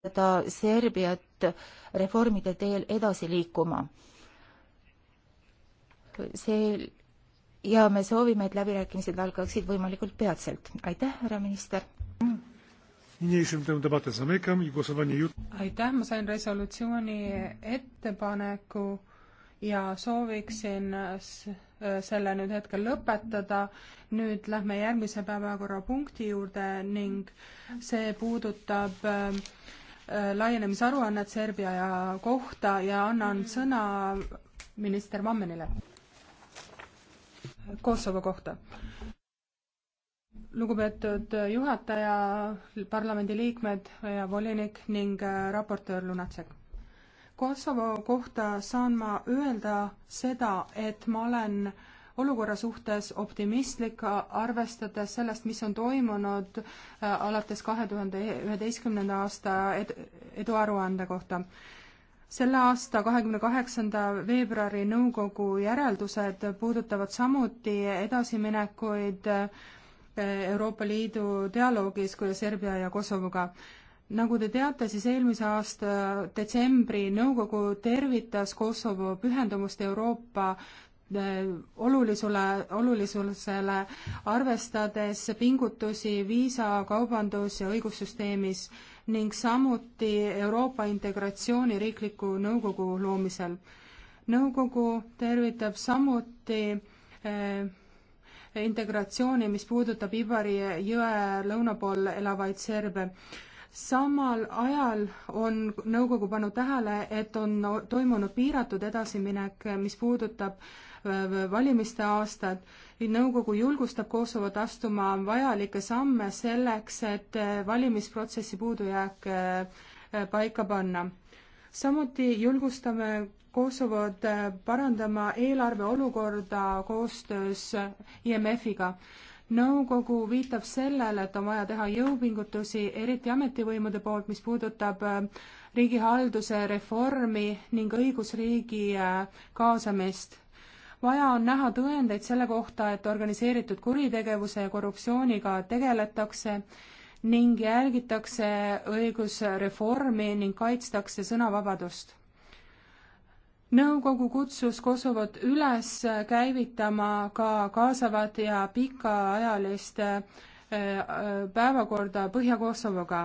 toetada Serbiat reformide teel edasi liikuma. see ja me soovime, et läbirääkimised algaksid võimalikult peatselt. aitäh, härra minister! aitäh, ma sain resolutsiooni ettepaneku ja sooviksin selle nüüd hetkel lõpetada. nüüd lähme järgmise päevakorrapunkti juurde ning see puudutab ähm, laienemisaruannet Serbia ja kohta ja annan mhm. sõna minister Vammenile Kosovo kohta. lugupeetud juhataja, parlamendiliikmed ja volinik ning äh, raportöör Lunatsek. Kosovo kohta saan ma öelda seda, et ma olen äh, olukorra suhtes optimistlik, arvestades sellest, mis on toimunud äh, alates kahe tuhande üheteistkümnenda aasta eduaruande kohta. selle aasta kahekümne kaheksanda veebruari nõukogu järeldused puudutavad samuti edasiminekuid äh, Euroopa Liidu dialoogis kui Serbia ja Kosovoga nagu te teate, siis eelmise aasta detsembri nõukogu tervitas Kosovo pühendumust Euroopa Äh, olulisule, olulisusele, arvestades pingutusi viisa, kaubandus- ja õigussüsteemis ning samuti Euroopa integratsiooni riikliku nõukogu loomisel. nõukogu tervitab samuti äh, integratsiooni, mis puudutab Ibari jõe lõuna pool elavaid serbe. samal ajal on nõukogu pannud tähele, et on toimunud piiratud edasiminek, mis puudutab äh, Äh, valimiste aastat. nõukogu julgustab Kosovot astuma vajalikke samme selleks, et äh, valimisprotsessi puudujääk äh, paika panna. samuti julgustame Kosovot parandama eelarve olukorda koostöös IMF-iga nõukogu viitab sellele, et on vaja teha jõupingutusi, eriti ametivõimude poolt, mis puudutab riigihalduse reformi ning õigusriigi kaasamist vaja on näha tõendeid selle kohta, et organiseeritud kuritegevuse ja korruptsiooniga tegeletakse ning järgitakse õigusreformi ning kaitstakse sõnavabadust. nõukogu kutsus Kosovot üles käivitama ka kaasavat ja pikaajalist äh, äh, päevakorda Põhja-Kosovoga.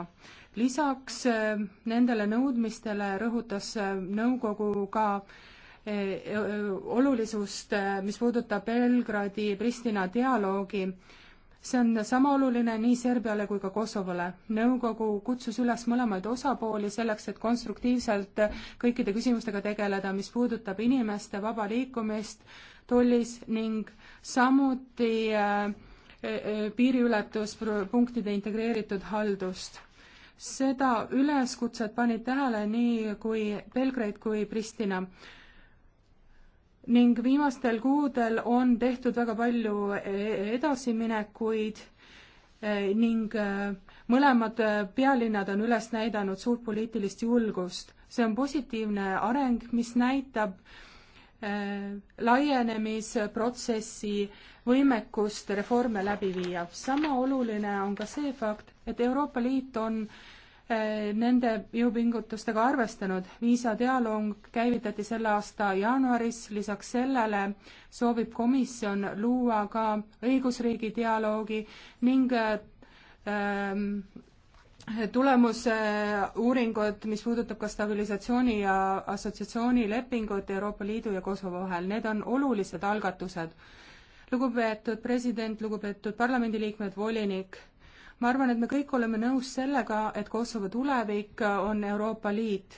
lisaks äh, nendele nõudmistele rõhutas nõukogu ka Eh, olulisust, eh, mis puudutab Belgradi-Pristina dialoogi. see on sama oluline nii Serbiale kui ka Kosovole. nõukogu kutsus üles mõlemaid osapooli selleks, et konstruktiivselt kõikide küsimustega tegeleda, mis puudutab inimeste vaba liikumist tollis ning samuti eh, piiriületuspunktide integreeritud haldust seda üleskutset panid tähele nii kui Belgrade kui Pristina ning viimastel kuudel on tehtud väga palju e-, edasiminekuid e, ning e, mõlemad pealinnad on üles näidanud suurt poliitilist julgust. see on positiivne areng, mis näitab laienemisprotsessi võimekust reforme läbi viia. sama oluline on ka see fakt, et Euroopa Liit on äh, Eh, nende jõupingutustega arvestanud. viisadialoog käivitati selle aasta jaanuaris, lisaks sellele soovib komisjon luua ka õigusriigi dialoogi ning ähm, tulemusuuringud, mis puudutab ka stabilisatsiooni ja assotsiatsioonilepingut Euroopa Liidu ja Kosovo vahel, need on olulised algatused. lugupeetud president, lugupeetud parlamendiliikmed, volinik ma arvan, et me kõik oleme nõus sellega, et Kosovo tulevik on Euroopa Liit.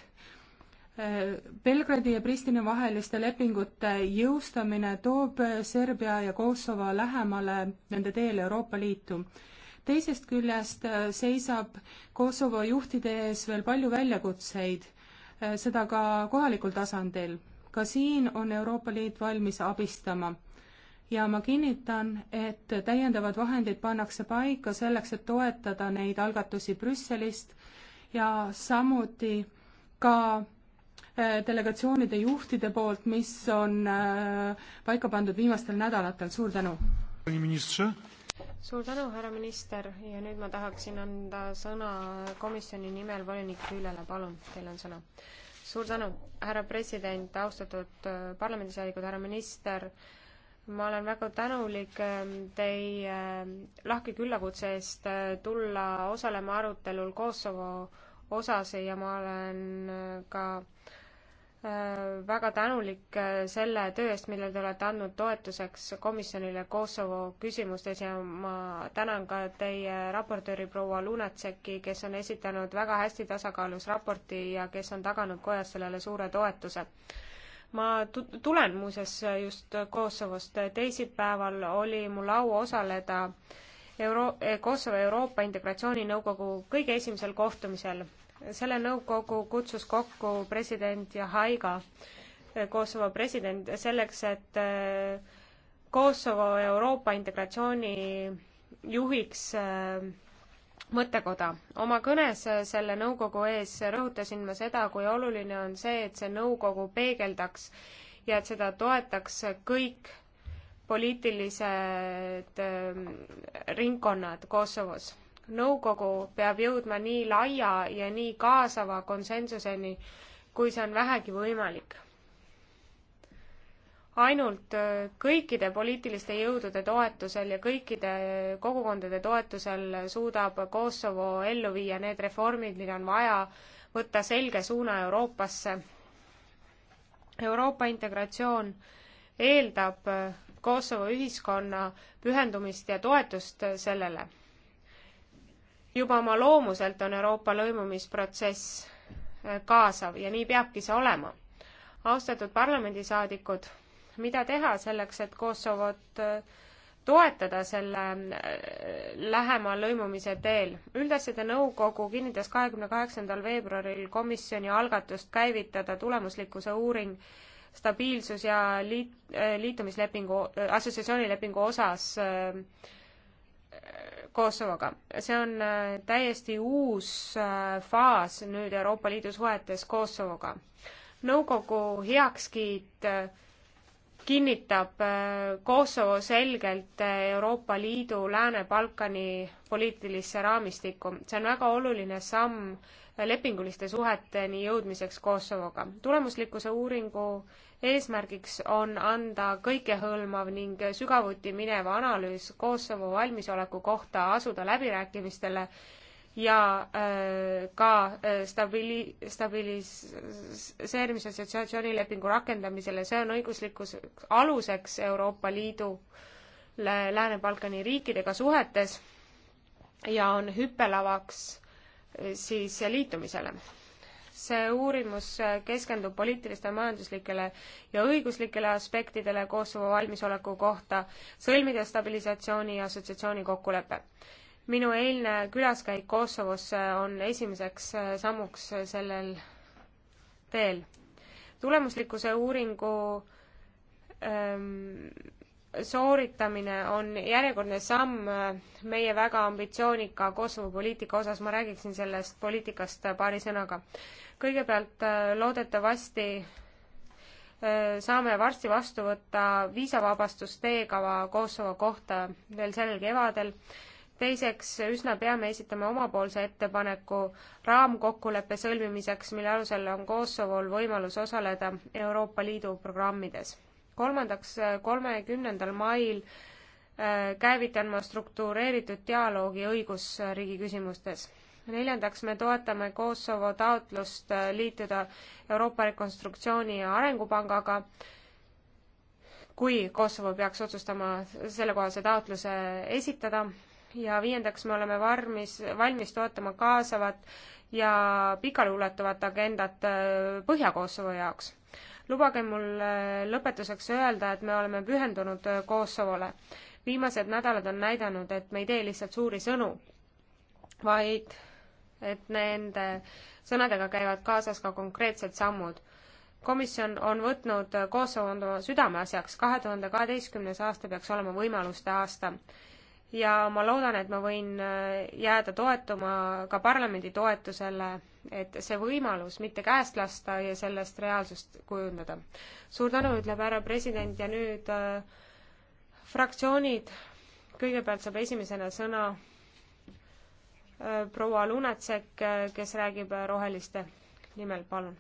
Belgradi ja Pristina vaheliste lepingute jõustamine toob Serbia ja Kosovo lähemale nende teel Euroopa Liitu. teisest küljest seisab Kosovo juhtide ees veel palju väljakutseid, seda ka kohalikul tasandil. ka siin on Euroopa Liit valmis abistama ja ma kinnitan, et täiendavad vahendid pannakse paika selleks, et toetada neid algatusi Brüsselist ja samuti ka äh, delegatsioonide juhtide poolt, mis on äh, paika pandud viimastel nädalatel, suur tänu! suur tänu, härra minister, ja nüüd ma tahaksin anda sõna komisjoni nimel volinik Rüülele, palun, teil on sõna. suur tänu, härra president, austatud äh, parlamendisaadikud, härra minister, ma olen väga tänulik ähm, teie ähm, lahke küllakutse eest äh, tulla osalema arutelul Kosovo osas ja ma olen äh, ka äh, väga tänulik selle töö eest, mille te olete andnud toetuseks komisjonile Kosovo küsimustes ja ma tänan ka teie raportööri proua Lunatseki, kes on esitanud väga hästi tasakaalus raporti ja kes on taganud kojas sellele suure toetuse ma tulen muuseas just Kosovost, teisipäeval oli mul au osaleda Euro-, Kosovo Euroopa Integratsiooninõukogu kõige esimesel kohtumisel. selle nõukogu kutsus kokku president Jahaiga, eh, Kosovo president, selleks, et eh, Kosovo Euroopa integratsiooni juhiks eh, mõttekoda. oma kõnes äh, selle nõukogu ees rõhutasin ma seda, kui oluline on see, et see nõukogu peegeldaks ja et seda toetaks kõik poliitilised ähm, ringkonnad Kosovos. nõukogu peab jõudma nii laia ja nii kaasava konsensuseni, kui see on vähegi võimalik ainult äh, kõikide poliitiliste jõudude toetusel ja kõikide kogukondade toetusel suudab Kosovo ellu viia need reformid, mida on vaja võtta selge suuna Euroopasse. Euroopa integratsioon eeldab äh, Kosovo ühiskonna pühendumist ja toetust sellele. juba oma loomuselt on Euroopa lõimumisprotsess äh, kaasav ja nii peabki see olema. austatud parlamendisaadikud mida teha selleks, et Kosovot äh, toetada selle äh, lähema lõimumise teel. üldasjade nõukogu kinnitas kahekümne kaheksandal veebruaril komisjoni algatust käivitada tulemuslikkuse uuring stabiilsus- ja liit, äh, liitumislepingu, assotsiatsioonilepingu osas Kosovoga. see on täiesti uus faas nüüd Euroopa Liidu suhetes Kosovoga. nõukogu heakskiit kinnitab äh, Kosovo selgelt äh, Euroopa Liidu Lääne-Balkani poliitilisse raamistikku. see on väga oluline samm äh, lepinguliste suheteni jõudmiseks Kosovoga. tulemuslikkuse uuringu eesmärgiks on anda kõikehõlmav ning sügavuti minev analüüs Kosovo valmisoleku kohta asuda läbirääkimistele ja äh, ka äh, stabili-, stabiliseerimise assotsiatsioonilepingu rakendamisele, see on õiguslikus aluseks Euroopa Liidule Lääne-Balkani riikidega suhetes ja on hüppelavaks äh, siis liitumisele. see uurimus keskendub poliitilistele, majanduslikele ja õiguslikele aspektidele Kosovo valmisoleku kohta sõlmida stabilisatsiooni ja assotsiatsiooni kokkulepe minu eilne külaskäik Kosovosse äh, on esimeseks äh, sammuks äh, sellel teel. tulemuslikkuse uuringu ähm, sooritamine on järjekordne samm meie väga ambitsioonika Kosovo poliitika osas, ma räägiksin sellest poliitikast paari sõnaga. kõigepealt loodetavasti saame varsti vastu võtta viisavabastust teekava Kosovo kohta veel sellel kevadel teiseks, üsna pea me esitame omapoolse ettepaneku raamkokkuleppe sõlmimiseks, mille alusel on Kosovol võimalus osaleda Euroopa Liidu programmides. kolmandaks, kolmekümnendal mail äh, käivitan ma struktureeritud dialoogi õigusriigi küsimustes. neljandaks, me toetame Kosovo taotlust äh, liituda Euroopa Rekonstruktsiooni ja Arengupangaga kui Kosovo peaks otsustama sellekohase taotluse esitada ja viiendaks me oleme varmis, valmis toetama kaasavat ja pikaleulatuvat agendat äh, Põhja-Kosovo jaoks. lubage mul äh, lõpetuseks öelda, et me oleme pühendunud äh, Kosovole. viimased nädalad on näidanud, et me ei tee lihtsalt suuri sõnu, vaid et nende sõnadega käivad kaasas ka konkreetsed sammud komisjon on võtnud Kosovo südameasjaks, kahe tuhande kaheteistkümnes aasta peaks olema võimaluste aasta ja ma loodan, et ma võin äh, jääda toetuma ka parlamendi toetusele, et see võimalus mitte käest lasta ja sellest reaalsust kujundada. suur tänu, ütleb härra president ja nüüd äh, fraktsioonid, kõigepealt saab esimesena sõna äh, proua Lunatsek, äh, kes räägib äh, roheliste nimel, palun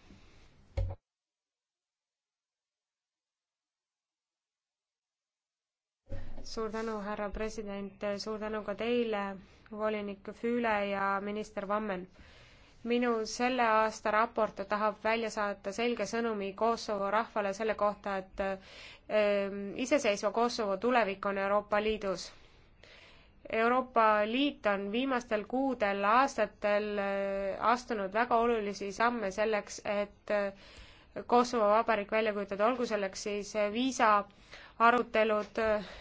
suur tänu, härra president, suur tänu ka teile, volinik Füüle ja minister Vammen. minu selle aasta raport tahab välja saata selge sõnumi Kosovo rahvale selle kohta, et äh, iseseisva Kosovo tulevik on Euroopa Liidus. Euroopa Liit on viimastel kuudel, aastatel äh, astunud väga olulisi samme selleks, et äh, Kosovo Vabariik välja kujutada, olgu selleks siis äh, viisa arutelud äh,,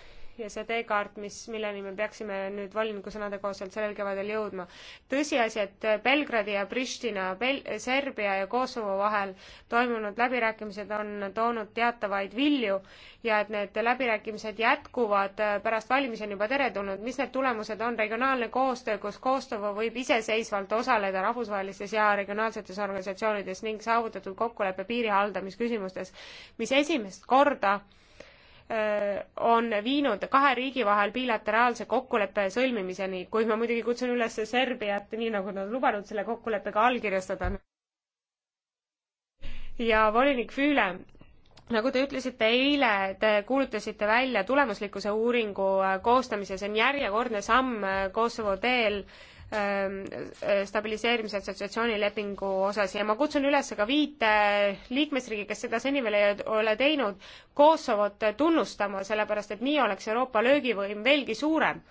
ja see teekaart, mis, milleni me peaksime nüüd voliniku sõnade kohaselt sellel kevadel jõudma. tõsiasi, et Belgradi ja Pristina, Bel-, Serbia ja Kosovo vahel toimunud läbirääkimised on toonud teatavaid vilju ja et need läbirääkimised jätkuvad pärast valimisi on juba teretulnud. mis need tulemused on? regionaalne koostöö, kus Kosovo võib iseseisvalt osaleda rahvusvahelistes ja regionaalsetes organisatsioonides ning saavutatud kokkulepe piiri haldamisküsimustes, mis esimest korda Äh, on viinud kahe riigi vahel bilateraalse kokkuleppe sõlmimiseni, kuid ma muidugi kutsun üles Serbiat, nii nagu nad on lubanud, selle kokkuleppega allkirjastada. ja volinik Füüle, nagu te ütlesite eile, te kuulutasite välja tulemuslikkuse uuringu äh, koostamise, see on järjekordne samm äh, Kosovo teel äh, Ähm, äh, stabiliseerimise assotsiatsiooni lepingu osas ja ma kutsun üles ka viite liikmesriigi, kes seda seni veel ei ole teinud, Kosovot tunnustama, sellepärast et nii oleks Euroopa löögivõim veelgi suurem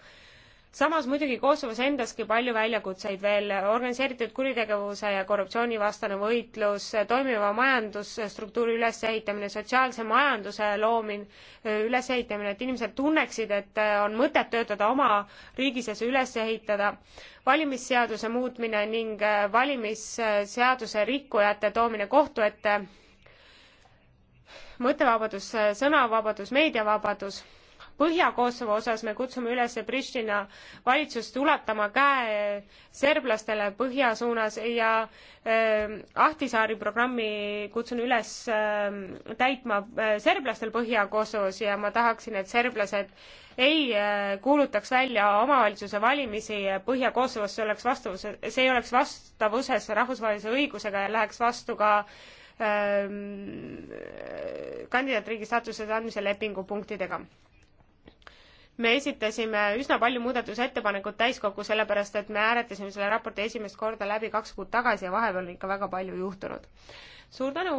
samas muidugi Kosovos endaski palju väljakutseid veel, organiseeritud kuritegevuse ja korruptsiooni vastane võitlus, toimiva majandusstruktuuri ülesehitamine, sotsiaalse majanduse loomine, ülesehitamine, et inimesed tunneksid, et on mõtet töötada oma riigis ja see üles ehitada, valimisseaduse muutmine ning valimisseaduse rikkujate toomine kohtu ette, mõttevabadus, sõnavabadus, meediavabadus Põhja-Kosovo osas me kutsume üles Pristina valitsust ulatama käe serblastele põhja suunas ja äh, Ahtisaari programmi kutsun üles äh, täitma äh, serblastel Põhja-Kosovos ja ma tahaksin, et serblased ei äh, kuulutaks välja omavalitsuse valimisi Põhja-Kosovos, see oleks vastavus, see ei oleks vastavuses rahvusvahelise õigusega ja läheks vastu ka äh, kandidaatriigi staatuse andmise lepingu punktidega me esitasime üsna palju muudatusettepanekuid täiskokku, sellepärast et me hääletasime selle raporti esimest korda läbi kaks kuud tagasi ja vahepeal on ikka väga palju juhtunud. suur tänu,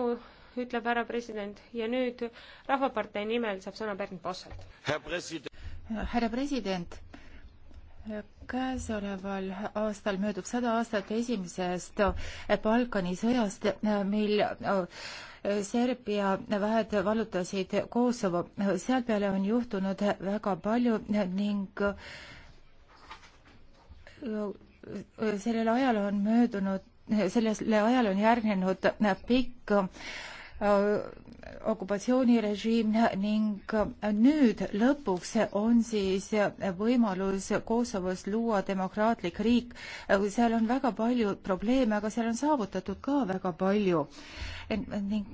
ütleb härra president ja nüüd Rahvapartei nimel saab sõna Bernd Posselt. härra president, käesoleval aastal möödub sada aastat esimesest Balkani sõjast, mil äh, Serbia väed vallutasid Kosovo. seal peale on juhtunud väga palju ning äh, sellel ajal on möödunud, sellele ajal on järgnenud pikk Äh, okupatsioonirežiim ning nüüd lõpuks on siis võimalus Kosovos luua demokraatlik riik. seal on väga palju probleeme, aga seal on saavutatud ka väga palju. ning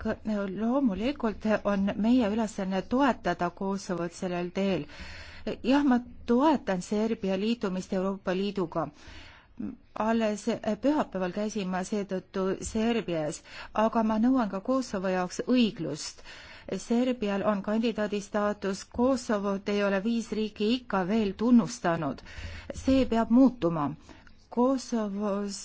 loomulikult on meie ülesanne toetada Kosovot sellel teel. jah, ma toetan Serbia liitumist Euroopa Liiduga alles äh, pühapäeval käisin ma seetõttu Serbias, aga ma nõuan ka Kosovo jaoks õiglust. Serbial on kandidaadi staatus, Kosovot ei ole viis riiki ikka veel tunnustanud. see peab muutuma Kosovos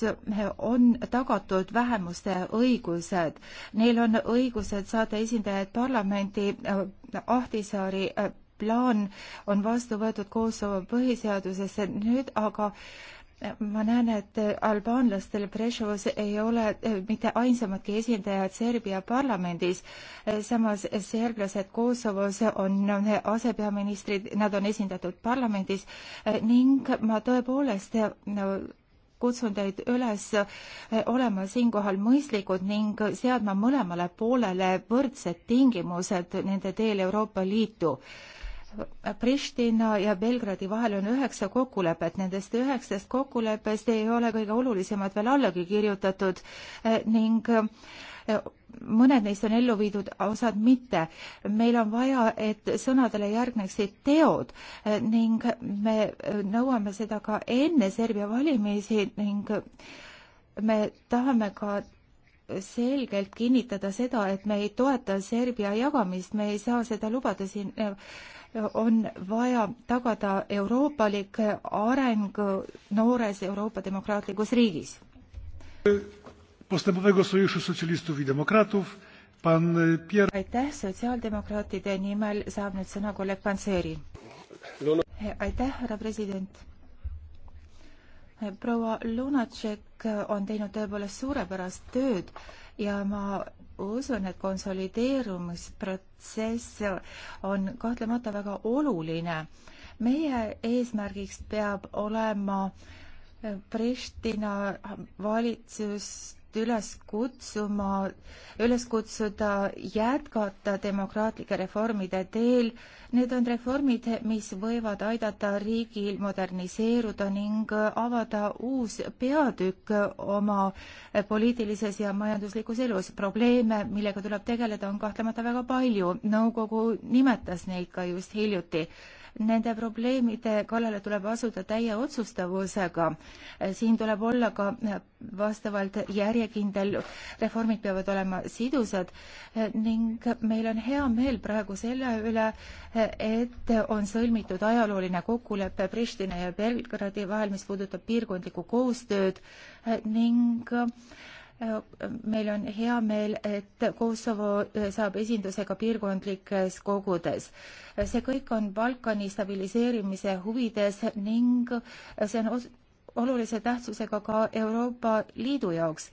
on tagatud vähemuste õigused. Neil on õigused saada esindajad parlamenti. Äh, Ahtisaari äh, plaan on vastu võetud Kosovo põhiseadusesse, nüüd aga ma näen, et albaanlastel Prešovas ei ole eh, mitte ainsamadki esindajad Serbia parlamendis. Eh, samas serblased Kosovos on eh, asepeaministrid, nad on esindatud parlamendis ning ma tõepoolest no, kutsun teid üles olema siinkohal mõistlikud ning seadma mõlemale poolele võrdsed tingimused nende teel Euroopa Liitu Pristina ja Belgradi vahel on üheksa kokkulepet, nendest üheksast kokkuleppest ei ole kõige olulisemad veel allagi kirjutatud eh, ning eh, mõned neist on ellu viidud, osad mitte. meil on vaja, et sõnadele järgneksid teod eh, ning me nõuame seda ka enne Serbia valimisi ning me tahame ka selgelt kinnitada seda, et me ei toeta Serbia jagamist, me ei saa seda lubada siin on vaja tagada euroopalik areng noores Euroopa demokraatlikus riigis. Postępowego Sojuszu Socjalistów i Demokratów pan e, Pierre aitäh, sotsiaaldemokraatide nimel saab nüüd sõna kolleeg Panseri. aitäh, härra president. proua Lunatšek on teinud tõepoolest suurepärast tööd ja ma usun, et konsolideerumisprotsess on kahtlemata väga oluline. meie eesmärgiks peab olema Pristina valitsus üles kutsuma, üles kutsuda jätkata demokraatlike reformide teel. Need on reformid, mis võivad aidata riigil moderniseeruda ning avada uus peatükk oma poliitilises ja majanduslikus elus. probleeme, millega tuleb tegeleda, on kahtlemata väga palju. nõukogu nimetas neid ka just hiljuti Nende probleemide kallale tuleb asuda täie otsustavusega. siin tuleb olla ka vastavalt järjekindel, reformid peavad olema sidusad ning meil on hea meel praegu selle üle, et on sõlmitud ajalooline kokkulepe Pristina ja Belgradi vahel, mis puudutab piirkondlikku koostööd ning meil on hea meel, et Kosovo eh, saab esinduse ka piirkondlikes kogudes. see kõik on Balkani stabiliseerimise huvides ning see on olulise tähtsusega ka Euroopa Liidu jaoks.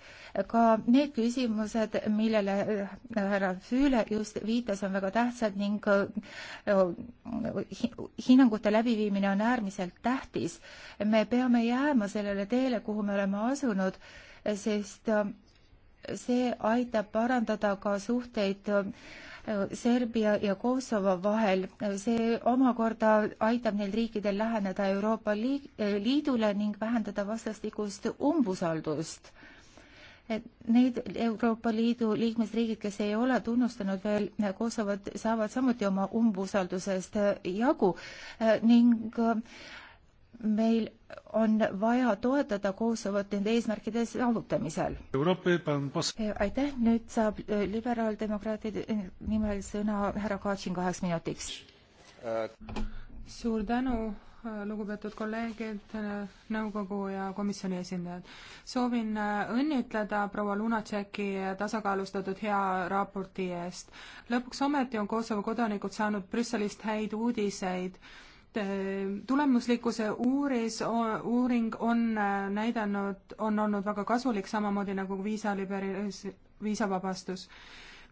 ka need küsimused, millele eh, härra Füüle just viitas, on väga tähtsad ning eh, hinnangute läbiviimine on äärmiselt tähtis. me peame jääma sellele teele, kuhu me oleme asunud sest äh, see aitab parandada ka suhteid äh, Serbia ja Kosovo vahel. see omakorda aitab neil riikidel läheneda Euroopa äh, Liidule ning vähendada vastastikust umbusaldust. Et need Euroopa Liidu liikmesriigid, kes ei ole tunnustanud veel Kosovot, saavad samuti oma umbusaldusest jagu ning meil on vaja toetada Kosovot nende eesmärkide saavutamisel. Eh, aitäh, nüüd saab eh, liberaaldemokraatide nimel sõna härra Katšin kaheks minutiks. suur tänu, eh, lugupeetud kolleegid, nõukogu ja komisjoni esindajad. soovin õnnitleda proua Lunatšeki tasakaalustatud hea raporti eest. lõpuks ometi on Kosovo kodanikud saanud Brüsselist häid uudiseid Eh, tulemuslikkuse uuris, uuring on eh, näidanud, on olnud väga kasulik, samamoodi nagu viisa liberis-, viisavabastus.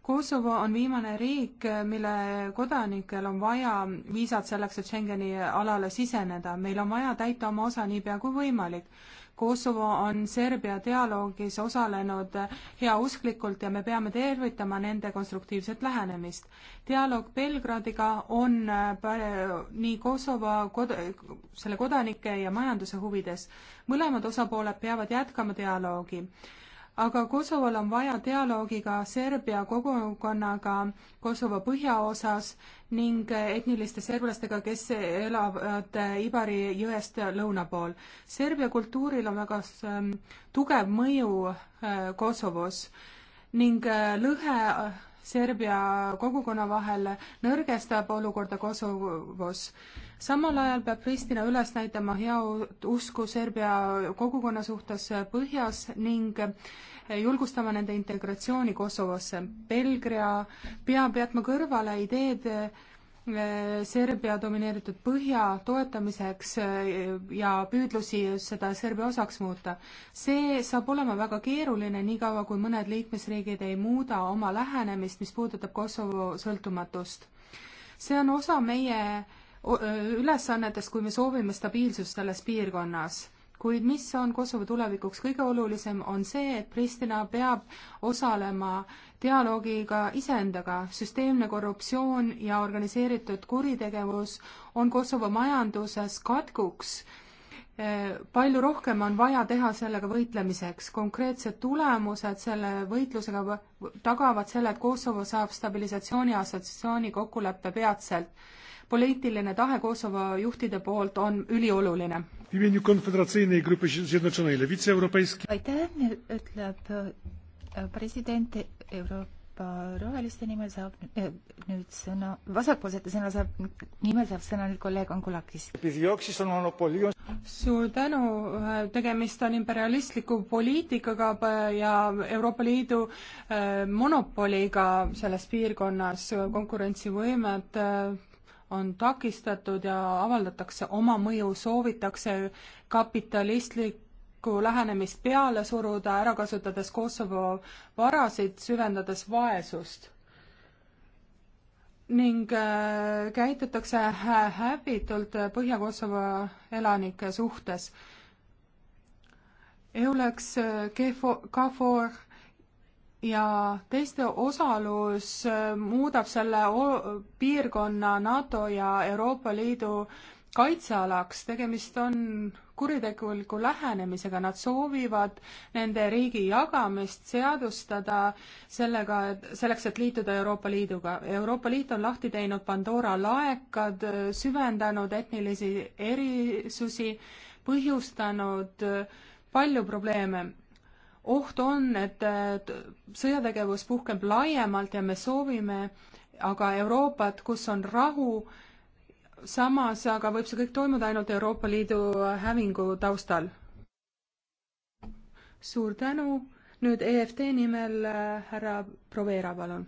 Kosovo on viimane riik, mille kodanikel on vaja viisat selleks, et Schengeni alale siseneda. meil on vaja täita oma osa niipea kui võimalik Kosovo on Serbia dialoogis osalenud heausklikult ja me peame tervitama nende konstruktiivset lähenemist. dialoog Belgradiga on äh, nii Kosovo kod-, selle kodanike ja majanduse huvides. mõlemad osapooled peavad jätkama dialoogi aga Kosovol on vaja dialoogiga Serbia kogukonnaga Kosovo põhjaosas ning etniliste serblastega, kes elavad Ibari jõest lõuna pool. Serbia kultuuril on väga ähm, tugev mõju äh, Kosovos ning äh, lõhe äh, Serbia kogukonna vahel nõrgestab olukorda Kosovos samal ajal peab Pristina üles näitama head usku Serbia kogukonna suhtes põhjas ning julgustama nende integratsiooni Kosovosse. Belgria peab jätma kõrvale ideed eh, Serbia domineeritud põhja toetamiseks eh, ja püüdlusi seda Serbia osaks muuta. see saab olema väga keeruline, niikaua kui mõned liikmesriigid ei muuda oma lähenemist, mis puudutab Kosovo sõltumatust. see on osa meie ülesannetest, kui me soovime stabiilsust selles piirkonnas. kuid mis on Kosovo tulevikuks kõige olulisem, on see, et Pristina peab osalema dialoogiga iseendaga. süsteemne korruptsioon ja organiseeritud kuritegevus on Kosovo majanduses katkuks palju rohkem on vaja teha sellega võitlemiseks. konkreetsed tulemused selle võitlusega tagavad selle, et Kosovo saab stabilisatsiooni assotsiatsiooni kokkuleppe peatselt poliitiline tahe Kosovo juhtide poolt on ülioluline. aitäh, ütleb äh, president Euroopa Roheliste nimel saab äh, nüüd sõna, vasakpoolsete sõna saab, nimel saab sõna nüüd kolleeg Angulakis. suur tänu, äh, tegemist on imperialistliku poliitikaga ja Euroopa Liidu monopoliga selles piirkonnas, konkurentsivõimet on takistatud ja avaldatakse oma mõju, soovitakse kapitalistlikku lähenemist peale suruda, ära kasutades Kosovo varasid, süvendades vaesust. ning äh, käitutakse häbitult Põhja-Kosovo elanike suhtes. EULEX, äh, KFOR ja teiste osalus äh, muudab selle piirkonna NATO ja Euroopa Liidu kaitsealaks, tegemist on kuritegeliku lähenemisega, nad soovivad nende riigi jagamist seadustada sellega, et selleks, et liituda Euroopa Liiduga. Euroopa Liit on lahti teinud Pandora laekad, süvendanud etnilisi erisusi, põhjustanud palju probleeme oht on, et sõjategevus puhkeb laiemalt ja me soovime aga Euroopat, kus on rahu, samas aga võib see kõik toimuda ainult Euroopa Liidu hävingu taustal. suur tänu, nüüd EFT nimel äh, härra Provera, palun.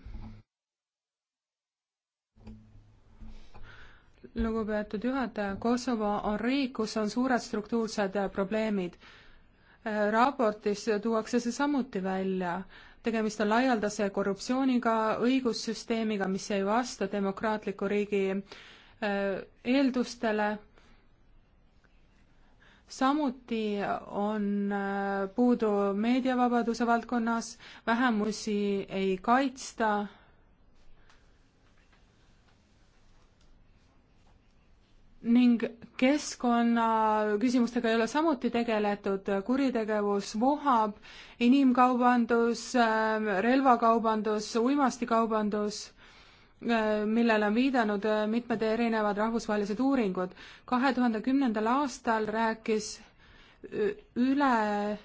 lugupeetud juhataja, Kosovo on riik, kus on suured struktuursed äh, probleemid raportis tuuakse see samuti välja. tegemist on laialdase korruptsiooniga, õigussüsteemiga, mis ei vasta demokraatliku riigi äh, eeldustele, samuti on äh, puudu meediavabaduse valdkonnas, vähemusi ei kaitsta ning keskkonnaküsimustega ei ole samuti tegeletud, kuritegevus vohab, inimkaubandus, ähm, relvakaubandus, uimastikaubandus, äh, millele on viidanud äh, mitmed erinevad rahvusvahelised uuringud. kahe tuhande kümnendal aastal rääkis äh, üle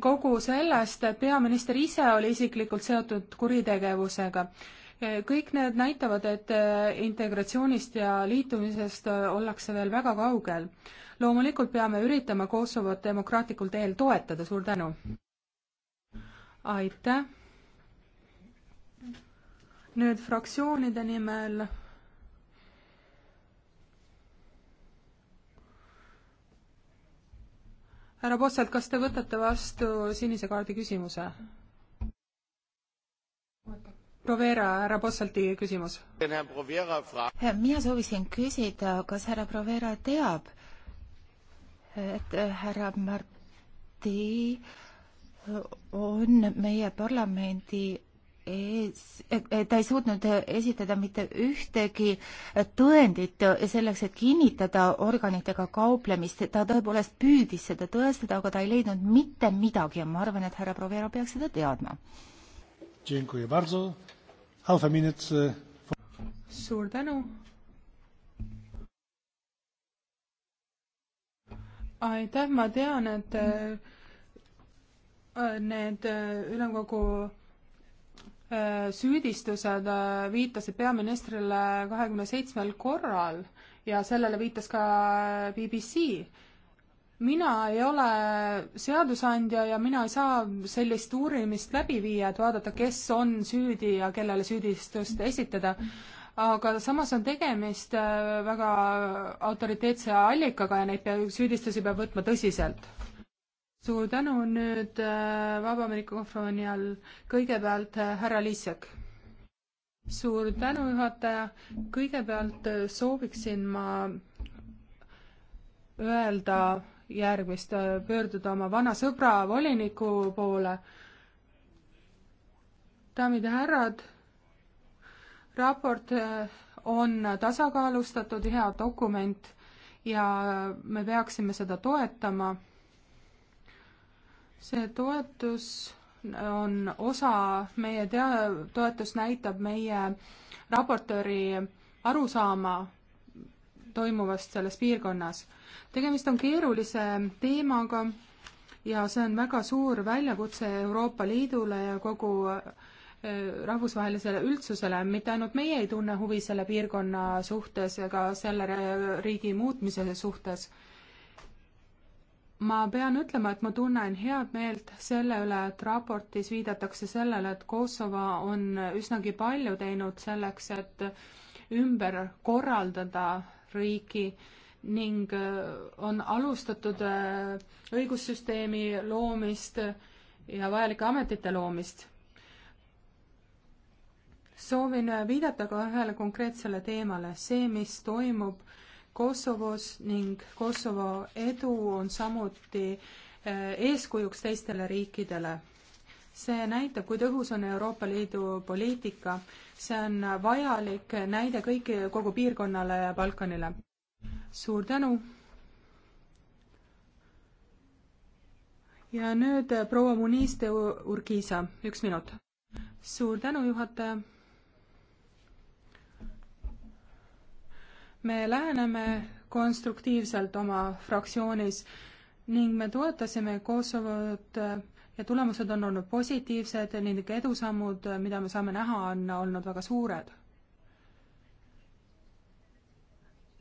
kogu sellest, et peaminister ise oli isiklikult seotud kuritegevusega kõik need näitavad, et äh, integratsioonist ja liitumisest äh, ollakse veel väga kaugel. loomulikult peame üritama Kosovot demokraatlikul teel toetada, suur tänu! aitäh! nüüd fraktsioonide nimel härra Possalt, kas te võtate vastu sinise kaardi küsimuse? Provera, härra Posselti küsimus. Äh, mina soovisin küsida, kas härra Provera teab, et äh, härra Marti äh, on meie parlamendi ees, ta ei suutnud esitada mitte ühtegi tõendit selleks, et kinnitada organitega kauplemist, ta tõepoolest püüdis seda tõestada, aga ta ei leidnud mitte midagi ja ma arvan, et härra Provera peaks seda teadma half a minute uh, for.... suur tänu. aitäh, ma tean, et äh, need äh, ülemkogu äh, süüdistused viitasid peaministrile kahekümne seitsmel korral ja sellele viitas ka BBC mina ei ole seadusandja ja mina ei saa sellist uurimist läbi viia, et vaadata, kes on süüdi ja kellele süüdistust esitada. aga samas on tegemist äh, väga autoriteetse allikaga ja neid pea, süüdistusi peab võtma tõsiselt. suur tänu nüüd äh, Vaba mikrofoni all kõigepealt äh, härra Liisek suur tänu, juhataja. kõigepealt sooviksin ma öelda järgmist, äh, pöörduda oma vana sõbra voliniku poole. daamid ja härrad, raport äh, on tasakaalustatud hea dokument ja me peaksime seda toetama. see toetus on osa meie tea-, toetus näitab meie raportööri arusaama toimuvast selles piirkonnas. tegemist on keerulise teemaga ja see on väga suur väljakutse Euroopa Liidule ja kogu eh, rahvusvahelisele üldsusele, mitte ainult meie ei tunne huvi selle piirkonna suhtes ega selle riigi muutmise suhtes. ma pean ütlema, et ma tunnen head meelt selle üle, et raportis viidatakse sellele, et Kosovo on üsnagi palju teinud selleks, et ümber korraldada riiki ning äh, on alustatud äh, õigussüsteemi loomist ja vajalike ametite loomist. soovin äh, viidata ka ühele konkreetsele teemale, see, mis toimub Kosovos ning Kosovo edu on samuti eeskujuks teistele riikidele see näitab, kui tõhus on Euroopa Liidu poliitika. see on vajalik näide kõigi, kogu piirkonnale ja Balkanile. suur tänu! ja nüüd proua Muniz de Urquiza, üks minut. suur tänu, juhataja! me läheneme konstruktiivselt oma fraktsioonis ning me toetasime Kosovot ja tulemused on olnud positiivsed ning edusammud, mida me saame näha, on olnud väga suured.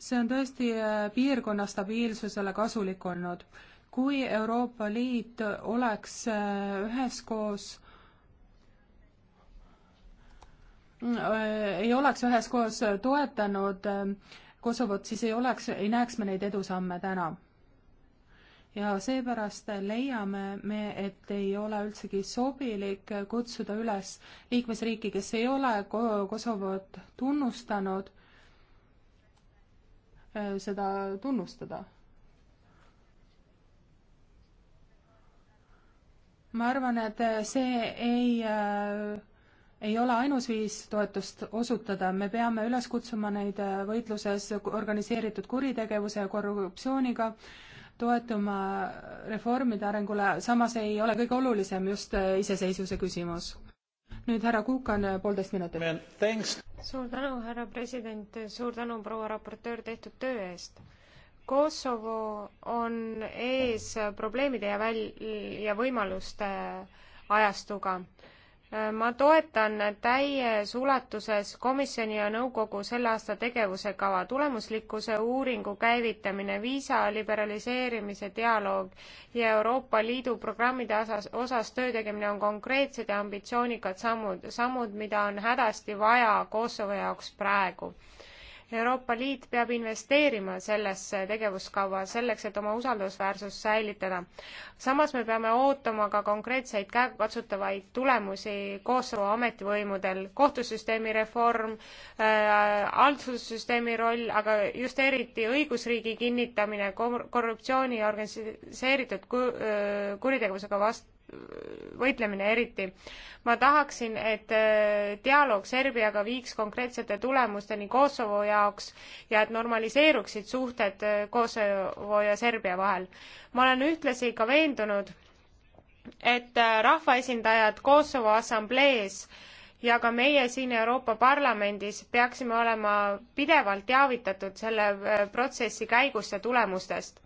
see on tõesti äh, piirkonna stabiilsusele kasulik olnud. kui Euroopa Liit oleks äh, üheskoos äh, ei oleks üheskoos toetanud Kosovot, siis ei oleks, ei näeks me neid edusamme täna ja seepärast leiame me, et ei ole üldsegi sobilik kutsuda üles liikmesriiki, kes ei ole Kosovot tunnustanud, äh, seda tunnustada ma arvan, et see ei äh,, ei ole ainus viis toetust osutada, me peame üles kutsuma neid äh, võitluses organiseeritud kuritegevuse ja korruptsiooniga toetuma reformide arengule, samas ei ole kõige olulisem just äh, iseseisvuse küsimus. nüüd härra Kukan, äh, poolteist minutit. suur tänu, härra president, suur tänu, proua raportöör, tehtud töö eest Kosovo on ees probleemide ja väl- ja võimaluste ajastuga ma toetan täies ulatuses komisjoni ja nõukogu selle aasta tegevuse kava tulemuslikkuse uuringu käivitamine, viisa liberaliseerimise dialoog ja Euroopa Liidu programmide osas, osas töö tegemine on konkreetsed ja ambitsioonikad sammud, sammud, mida on hädasti vaja Kosovo jaoks praegu Euroopa Liit peab investeerima sellesse tegevuskava selleks, et oma usaldusväärsust säilitada. samas me peame ootama ka konkreetseid käegakatsutavaid tulemusi Kosovo ametivõimudel, kohtusüsteemi reform äh,, allsussüsteemi roll, aga just eriti õigusriigi kinnitamine, korruptsiooni ja organiseeritud ku-, äh, kuritegevusega vast-, võitlemine eriti. ma tahaksin, et äh, dialoog Serbiaga viiks konkreetsete tulemusteni Kosovo jaoks ja et normaliseeruksid suhted äh, Kosovo ja Serbia vahel. ma olen ühtlasi ka veendunud, et äh, rahvaesindajad Kosovo assamblees ja ka meie siin Euroopa Parlamendis peaksime olema pidevalt teavitatud selle protsessi käigust ja tulemustest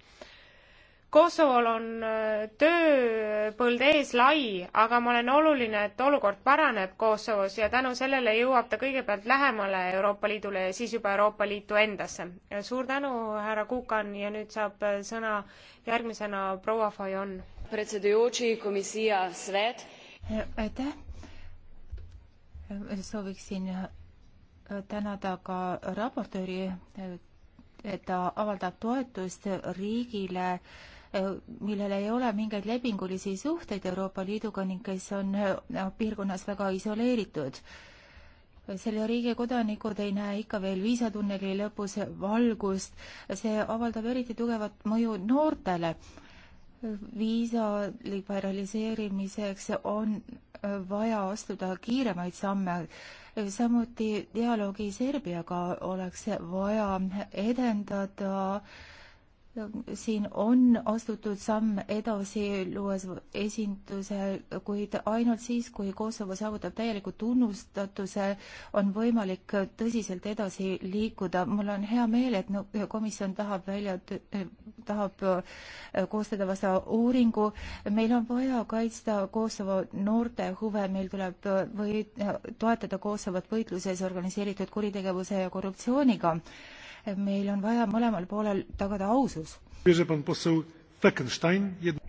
Kosovol on äh, tööpõld ees lai, aga ma olen oluline, et olukord paraneb Kosovos ja tänu sellele jõuab ta kõigepealt lähemale Euroopa Liidule ja siis juba Euroopa Liitu endasse. suur tänu, härra Kukan, ja nüüd saab äh, sõna järgmisena proua Fajon. aitäh. sooviksin äh, tänada ka raportööri, et ta avaldab toetust riigile äh, Äh, millel ei ole mingeid lepingulisi suhteid Euroopa Liiduga ning kes on äh, piirkonnas väga isoleeritud. selle riigi kodanikud ei näe ikka veel viisatunneli lõpus valgust, see avaldab eriti tugevat mõju noortele. viisa liberaliseerimiseks on äh, vaja astuda kiiremaid samme. samuti dialoogi Serbiaga oleks vaja edendada äh, siin on astutud samm edasi, luues esinduse, kuid ainult siis, kui Kosovo saavutab täieliku tunnustatuse, on võimalik tõsiselt edasi liikuda. mul on hea meel, et no komisjon tahab välja, tahab äh, koostada vastava uuringu. meil on vaja kaitsta Kosovo noorte huve, meil tuleb või toetada Kosovot võitluses organiseeritud kuritegevuse ja korruptsiooniga meil on vaja mõlemal poolel tagada ausus.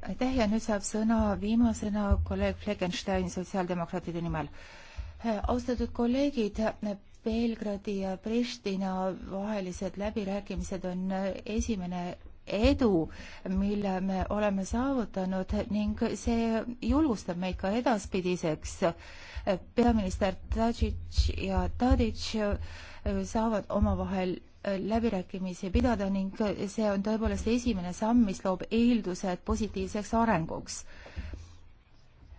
aitäh ja nüüd saab sõna viimasena kolleeg Fleckenstein sotsiaaldemokraatide nimel. austatud kolleegid, Belgradi ja Pristina vahelised läbirääkimised on esimene edu, mille me oleme saavutanud ning see julgustab meid ka edaspidiseks. peaminister Tadžič ja Tadič saavad omavahel läbirääkimisi pidada ning see on tõepoolest esimene samm, mis loob eeldused positiivseks arenguks.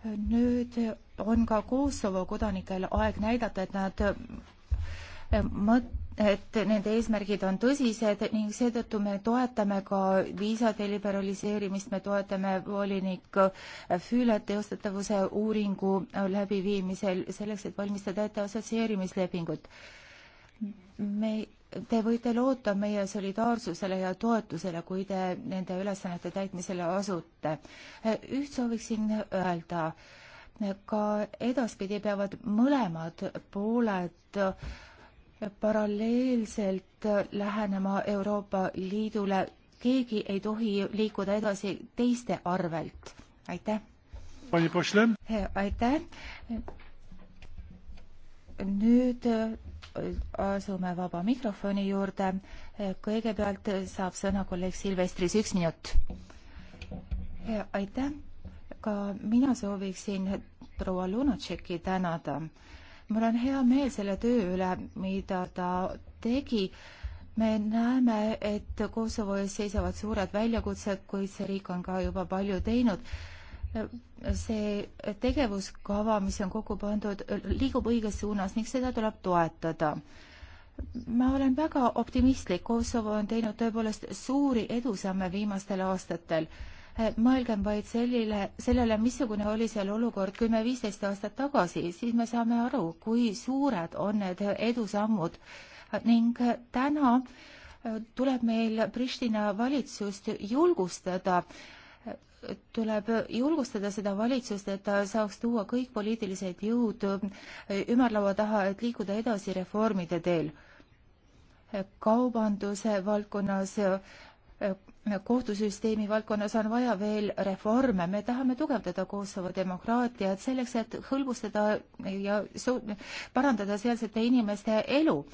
nüüd on ka Kosovo kodanikel aeg näidata, et nad mõt-, et nende eesmärgid on tõsised ning seetõttu me toetame ka viisade liberaliseerimist, me toetame volinik Füüle teostatavuse uuringu läbiviimisel selleks, et valmistada ette assotsieerimislepingut. me Te võite loota meie solidaarsusele ja toetusele, kui te nende ülesannete täitmisele asute. üht sooviksin öelda, ka edaspidi peavad mõlemad pooled paralleelselt lähenema Euroopa Liidule, keegi ei tohi liikuda edasi teiste arvelt. aitäh! aitäh! nüüd äh, asume vaba mikrofoni juurde. kõigepealt saab sõna kolleeg Silvestris, üks minut. aitäh, ka mina sooviksin proua Lunatšeki tänada. mul on hea meel selle töö üle, mida ta tegi me näeme, et Kosovo ees seisavad suured väljakutsed, kuid see riik on ka juba palju teinud see tegevuskava, mis on kokku pandud, liigub õiges suunas ning seda tuleb toetada. ma olen väga optimistlik, Kosovo on teinud tõepoolest suuri edusamme viimastel aastatel. mõelgem vaid sellile, sellele, missugune oli seal olukord kümme-viisteist aastat tagasi, siis me saame aru, kui suured on need edusammud ning täna tuleb meil Pristina valitsust julgustada äh, tuleb julgustada seda valitsust, et ta saaks tuua kõik poliitilised jõud ümarlaua taha, et liikuda edasi reformide teel. kaubanduse valdkonnas, kohtusüsteemi valdkonnas on vaja veel reforme, me tahame tugevdada Kosovo demokraatiat selleks, et hõlbustada ja parandada sealsete inimeste elu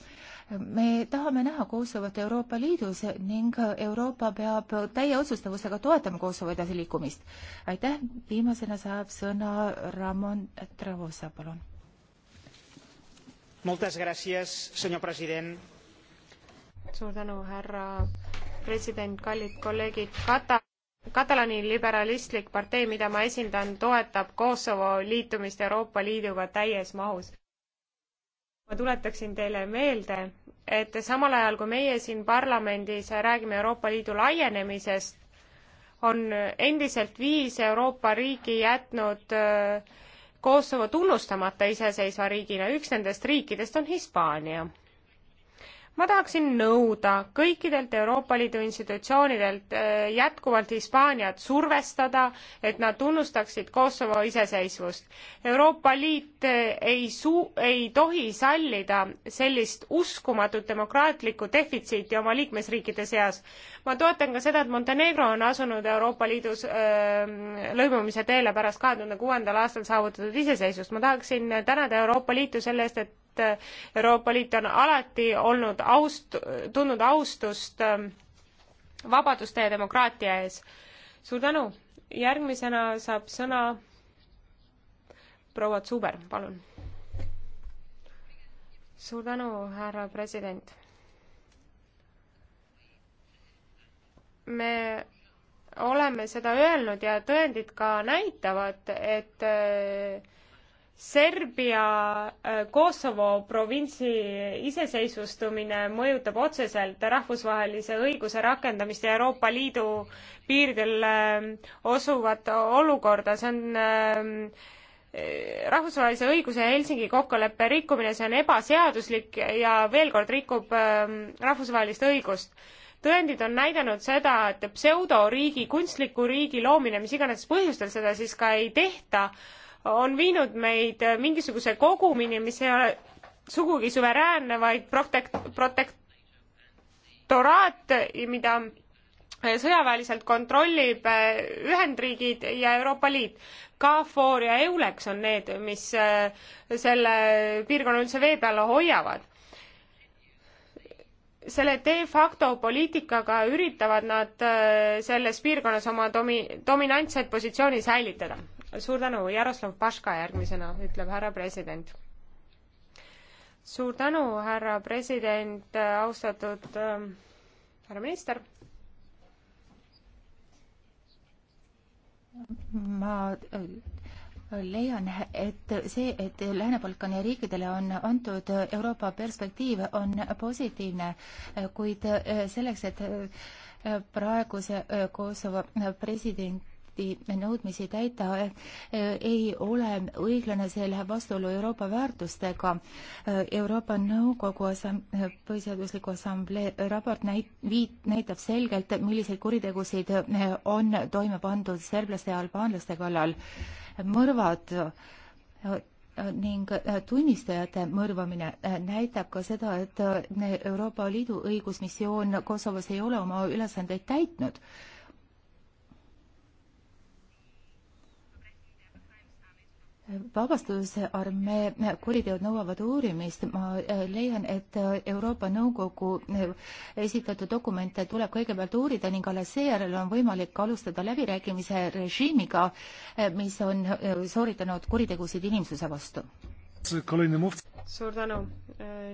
me tahame näha Kosovot Euroopa Liidus ning Euroopa peab täie otsustavusega toetama Kosovo edasiliikumist. aitäh, viimasena saab sõna Ramon Travosa, palun. suur tänu, härra president, kallid kolleegid, Kata- katalaani liberalistlik partei, mida ma esindan, toetab Kosovo liitumist Euroopa Liiduga täies mahus ma tuletaksin teile meelde, et samal ajal, kui meie siin parlamendis räägime Euroopa Liidu laienemisest, on endiselt viis Euroopa riiki jätnud äh, Kosovo tunnustamata iseseisva riigina, üks nendest riikidest on Hispaania ma tahaksin nõuda kõikidelt Euroopa Liidu institutsioonidelt äh, jätkuvalt Hispaaniat survestada, et nad tunnustaksid Kosovo iseseisvust. Euroopa Liit äh, ei suu-, ei tohi sallida sellist uskumatut demokraatlikku defitsiiti oma liikmesriikide seas. ma toetan ka seda, et Montenegro on asunud Euroopa Liidus öö, äh, lõimumise teele pärast kahe tuhande kuuendal aastal saavutatud iseseisvust. ma tahaksin tänada Euroopa Liitu selle eest, et et Euroopa Liit on alati olnud aust-, tundnud austust ähm, vabaduste ja demokraatia ees. suur tänu, järgmisena saab sõna proua Zuber, palun. suur tänu, härra president. me oleme seda öelnud ja tõendid ka näitavad, et äh, Serbia äh, Kosovo provintsi iseseisvustumine mõjutab otseselt rahvusvahelise õiguse rakendamist ja Euroopa Liidu piiridel äh, osuvat olukorda, see on äh, rahvusvahelise õiguse Helsingi kokkuleppe rikkumine, see on ebaseaduslik ja veel kord rikub ähm, rahvusvahelist õigust tõendid on näidanud seda, et pseudoriigi, kunstliku riigi loomine, mis iganes põhjustel seda siis ka ei tehta, on viinud meid mingisuguse kogumini, mis ei ole sugugi suveräänne, vaid protekt-, protektoraat, mida eh, sõjaväeliselt kontrollib eh, Ühendriigid ja Euroopa Liit. KFOR ja EULEX on need, mis eh, selle piirkonna üldse vee peal hoiavad. selle de facto poliitikaga üritavad nad selles piirkonnas oma domi-, dominantset positsiooni säilitada suur tänu, Jaroslav Paška järgmisena, ütleb härra president. suur tänu, härra president, austatud äh, härra minister. ma äh, leian, et see, et Lääne-Balkani riikidele on antud Euroopa perspektiiv, on positiivne, kuid äh, selleks, et äh, praeguse Kosovo president pakti nõudmisi täita, eh, ei ole õiglane, see läheb vastuollu Euroopa väärtustega. Eh, Euroopa Nõukogu assam-, Põhiseadusliku Assamblee raport näit-, viit-, näitab selgelt, milliseid kuritegusid eh, on toime pandud serblaste ja albaanlaste kallal. mõrvad ning tunnistajate mõrvamine näitab ka seda, et Euroopa Liidu õigusmissioon Kosovos ei ole oma ülesandeid täitnud vabastusarmee kuriteod nõuavad uurimist. ma äh, leian, et äh, Euroopa Nõukogu äh, esitatud dokumente tuleb kõigepealt uurida ning alles seejärel on võimalik alustada läbirääkimise režiimiga, mis on sooritanud kuritegusid inimsuse vastu. suur tänu.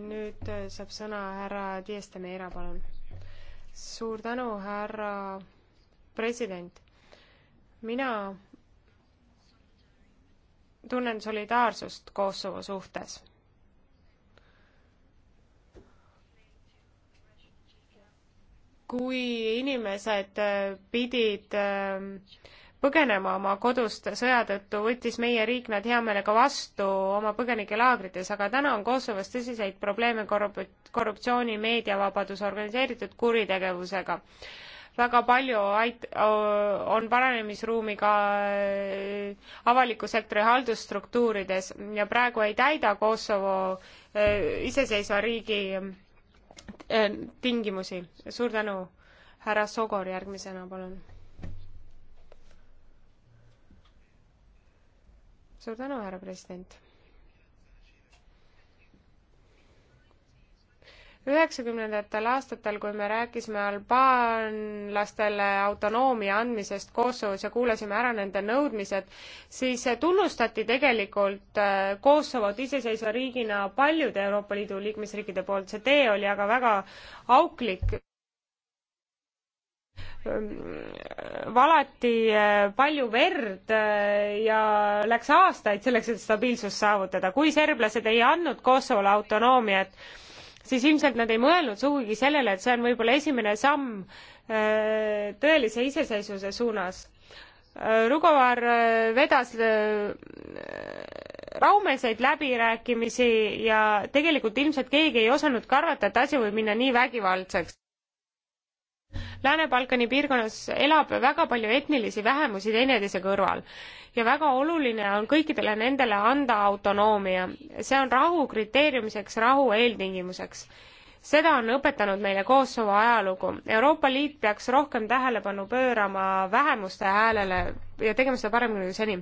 nüüd saab sõna härra Diestemeira, palun. suur tänu, härra president. mina tunnen solidaarsust Kosovo suhtes. kui inimesed äh, pidid äh, põgenema oma kodust sõja tõttu, võttis meie riik nad hea meelega vastu oma põgenikelaagrites, aga täna on Kosovos tõsiseid probleeme korrup-, korruptsiooni, meediavabaduse, organiseeritud kuritegevusega väga palju ait-, on paranemisruumi ka äh, avaliku sektori haldusstruktuurides ja praegu ei täida Kosovo äh, iseseisva riigi äh, tingimusi. suur tänu, härra Sogor, järgmisena palun. suur tänu, härra president üheksakümnendatel aastatel, kui me rääkisime albaanlastele autonoomia andmisest Kosovos ja kuulasime ära nende nõudmised, siis tunnustati tegelikult äh, Kosovot iseseisva riigina paljude Euroopa Liidu liikmesriikide poolt, see tee oli aga väga auklik. Ähm, valati äh, palju verd äh, ja läks aastaid selleks, et stabiilsust saavutada, kui serblased ei andnud Kosovole autonoomiat, siis ilmselt nad ei mõelnud sugugi sellele, et see on võib-olla esimene samm äh, tõelise iseseisvuse suunas. Äh, Rugovar äh, vedas raumeseid läbirääkimisi ja tegelikult ilmselt keegi ei osanud ka arvata, et asi võib minna nii vägivaldseks Lääne-Balkani piirkonnas elab väga palju etnilisi vähemusi teineteise kõrval ja väga oluline on kõikidele nendele anda autonoomia. see on rahu kriteeriumiseks, rahu eeltingimuseks. seda on õpetanud meile Kosovo ajalugu. Euroopa Liit peaks rohkem tähelepanu pöörama vähemuste häälele ja tegema seda paremini kui seni.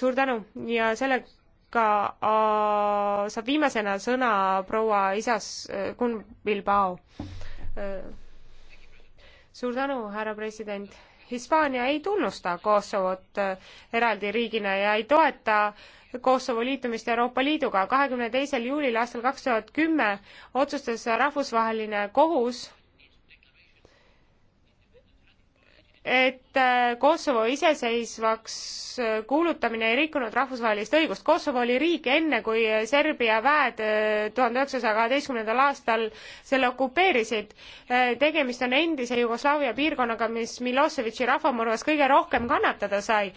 suur tänu ja sellega äh, saab viimasena sõna proua isas äh, Kun Bilbao. Äh, suur tänu, härra president. Hispaania ei tunnusta Kosovot äh, eraldi riigina ja ei toeta Kosovo liitumist Euroopa Liiduga. kahekümne teisel juulil aastal kaks tuhat kümme otsustas rahvusvaheline kohus et äh, Kosovo iseseisvaks äh, kuulutamine ei rikkunud rahvusvahelist õigust. Kosovo oli riik enne, kui äh, Serbia väed tuhande üheksasaja kaheteistkümnendal aastal selle okupeerisid. tegemist on endise Jugoslaavia piirkonnaga, mis Miloševiči rahvamõrvas kõige rohkem kannatada sai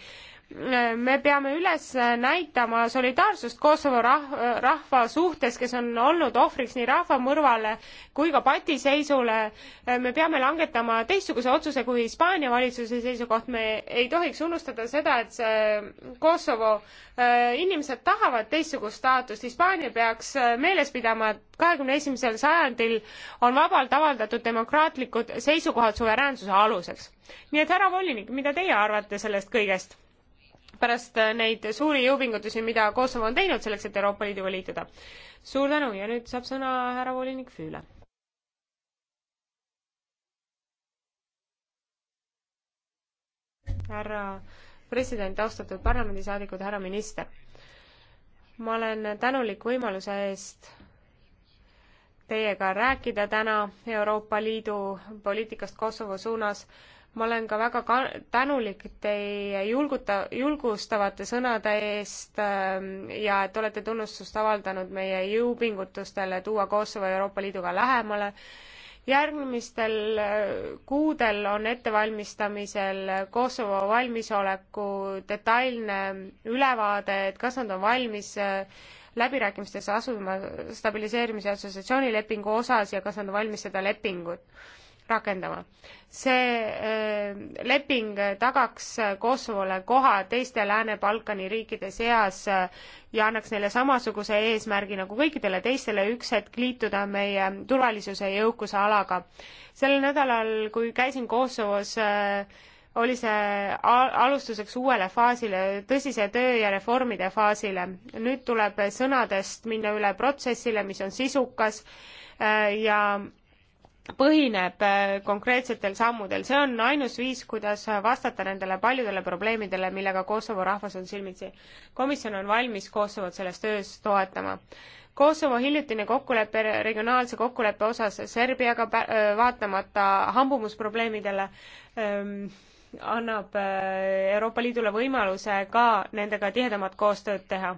me peame üles näitama solidaarsust Kosovo rah-, rahva suhtes, kes on olnud ohvriks nii rahvamõrvale kui ka patiseisule. me peame langetama teistsuguse otsuse kui Hispaania valitsuse seisukoht, me ei tohiks unustada seda, et see Kosovo äh, inimesed tahavad teistsugust staatust, Hispaania peaks äh, meeles pidama, et kahekümne esimesel sajandil on vabalt avaldatud demokraatlikud seisukohad suveräänsuse aluseks. nii et härra volinik, mida teie arvate sellest kõigest? pärast neid suuri jõupingutusi, mida Kosovo on teinud selleks, et Euroopa Liiduga liituda. suur tänu ja nüüd saab sõna härra volinik Füüle. härra president, austatud parlamendisaadikud, härra minister. ma olen tänulik võimaluse eest teiega rääkida täna Euroopa Liidu poliitikast Kosovo suunas ma olen ka väga ka tänulik teie julguta, julgustavate sõnade eest ähm, ja et olete tunnustust avaldanud meie jõupingutustele tuua Kosovo Euroopa Liiduga lähemale. järgmistel äh, kuudel on ettevalmistamisel Kosovo valmisoleku detailne ülevaade, et kas nad on valmis äh, läbirääkimistesse asuma stabiliseerimise assotsiatsioonilepingu osas ja kas nad on valmis seda lepingut rakendama. see äh, leping tagaks Kosovole koha teiste Lääne-Balkani riikide seas ja annaks neile samasuguse eesmärgi nagu kõikidele teistele üks hetk liituda meie turvalisuse ja jõukuse alaga. sellel nädalal, kui käisin Kosovos äh, oli see alustuseks uuele faasile, tõsise töö ja reformide faasile. nüüd tuleb sõnadest minna üle protsessile, mis on sisukas äh, ja põhineb äh, konkreetsetel sammudel. see on ainus viis, kuidas vastata nendele paljudele probleemidele, millega Kosovo rahvas on silmitsi. komisjon on valmis Kosovot selles töös toetama. Kosovo hiljutine kokkulepe, regionaalse kokkuleppe osas Serbiaga äh, vaatamata hambumusprobleemidele ähm, annab äh, Euroopa Liidule võimaluse ka nendega tihedamat koostööd teha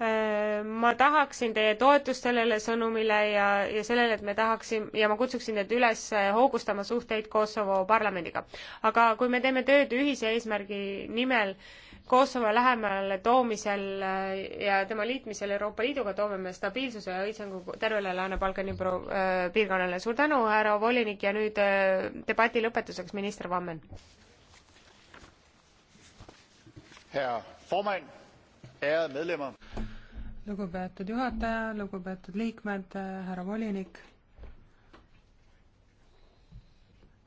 Äh, ma tahaksin teie toetust sellele sõnumile ja, ja sellele, et me tahaksime ja ma kutsuksin teid üles äh, hoogustama suhteid Kosovo parlamendiga. aga kui me teeme tööd ühise eesmärgi nimel Kosovo lähemale toomisel äh, ja tema liitmisel Euroopa Liiduga, toome me stabiilsuse ja õitsengu tervele Lääne-Balkani piirkonnale. suur tänu, härra volinik ja nüüd debati lõpetuseks minister Vammen. hea Fomen, head medlemad lugupeetud juhataja, lugupeetud liikmed, härra volinik.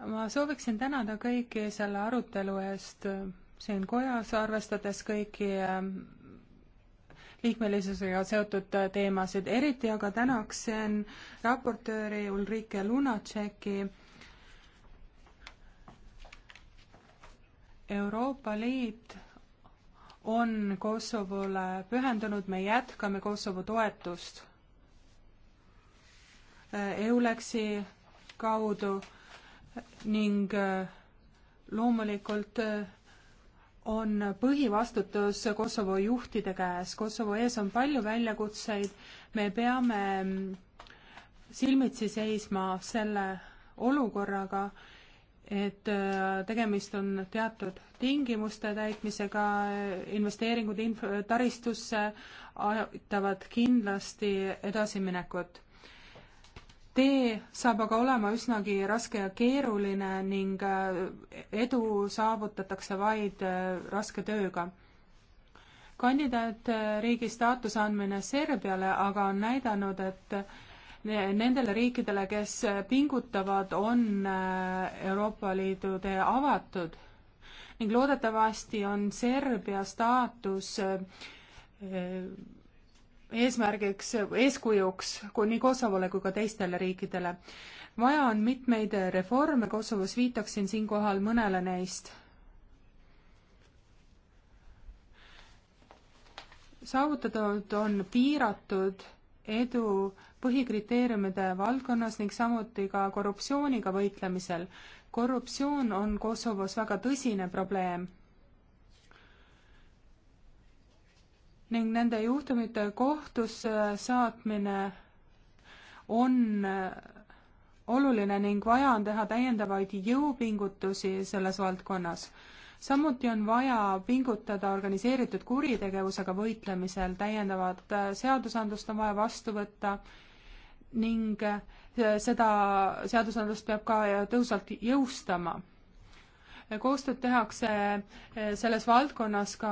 ma sooviksin tänada kõiki selle arutelu eest siin kojas, arvestades kõiki eh, liikmelisusega seotud teemasid, eriti aga tänaksin raportööri Ulrike Lunatšeki Euroopa Liit on Kosovole pühendunud, me jätkame Kosovo toetust EULEX-i kaudu ning äh, loomulikult äh, on põhivastutus Kosovo juhtide käes. Kosovo ees on palju väljakutseid, me peame mm, silmitsi seisma selle olukorraga et äh, tegemist on teatud tingimuste täitmisega, investeeringud inf-, taristusse aitavad kindlasti edasiminekut. tee saab aga olema üsnagi raske ja keeruline ning äh, edu saavutatakse vaid äh, raske tööga kandidaatriigi staatuse andmine Serbiale aga on näidanud, et nendele riikidele, kes pingutavad, on äh, Euroopa Liidu tee avatud ning loodetavasti on Serbia staatus äh, eesmärgiks, eeskujuks nii Kosovole kui ka teistele riikidele. vaja on mitmeid reforme Kosovos, viitaksin siinkohal mõnele neist. saavutatud on piiratud edu põhikriteeriumide valdkonnas ning samuti ka korruptsiooniga võitlemisel. korruptsioon on Kosovos väga tõsine probleem. ning nende juhtumite kohtusse saatmine on oluline ning vaja on teha täiendavaid jõupingutusi selles valdkonnas samuti on vaja pingutada organiseeritud kuritegevusega võitlemisel, täiendavat äh, seadusandlust on vaja vastu võtta ning äh, seda seadusandlust peab ka äh, tõhusalt jõustama. koostööd tehakse selles valdkonnas ka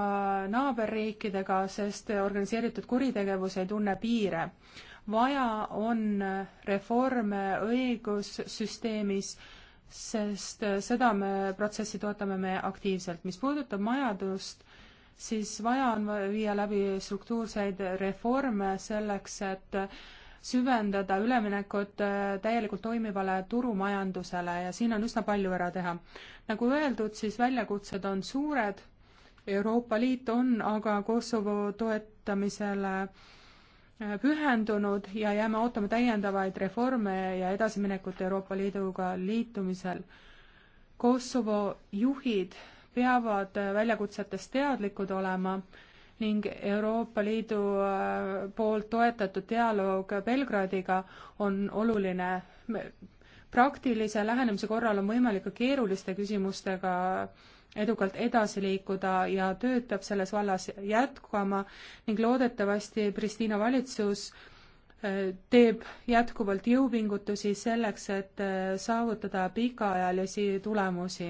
naaberriikidega, sest organiseeritud kuritegevus ei tunne piire. vaja on reforme õigussüsteemis sest äh, seda me, protsessi toetame me aktiivselt. mis puudutab majandust, siis vaja on viia läbi struktuurseid reforme selleks, et süvendada üleminekut äh, täielikult toimivale turumajandusele ja siin on üsna palju ära teha. nagu öeldud, siis väljakutsed on suured, Euroopa Liit on aga Kosovo toetamisele äh, pühendunud ja jääme ootama täiendavaid reforme ja edasiminekut Euroopa Liiduga liitumisel. Kosovo juhid peavad väljakutsetest teadlikud olema ning Euroopa Liidu äh, poolt toetatud dialoog Belgradiga on oluline. praktilise lähenemise korral on võimalik ka keeruliste küsimustega edukalt edasi liikuda ja töötab selles vallas jätkama ning loodetavasti Pristina valitsus äh, teeb jätkuvalt jõupingutusi selleks, et äh, saavutada pikaajalisi tulemusi.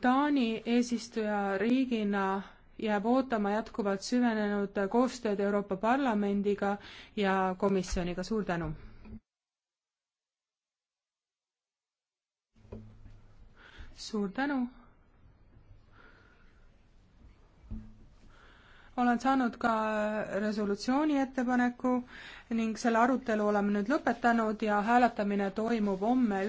Taani eesistuja riigina jääb ootama jätkuvalt süvenenud koostööd Euroopa Parlamendiga ja komisjoniga, suur tänu! suur tänu. olen saanud ka resolutsiooni ettepaneku ning selle arutelu oleme nüüd lõpetanud ja hääletamine toimub homme.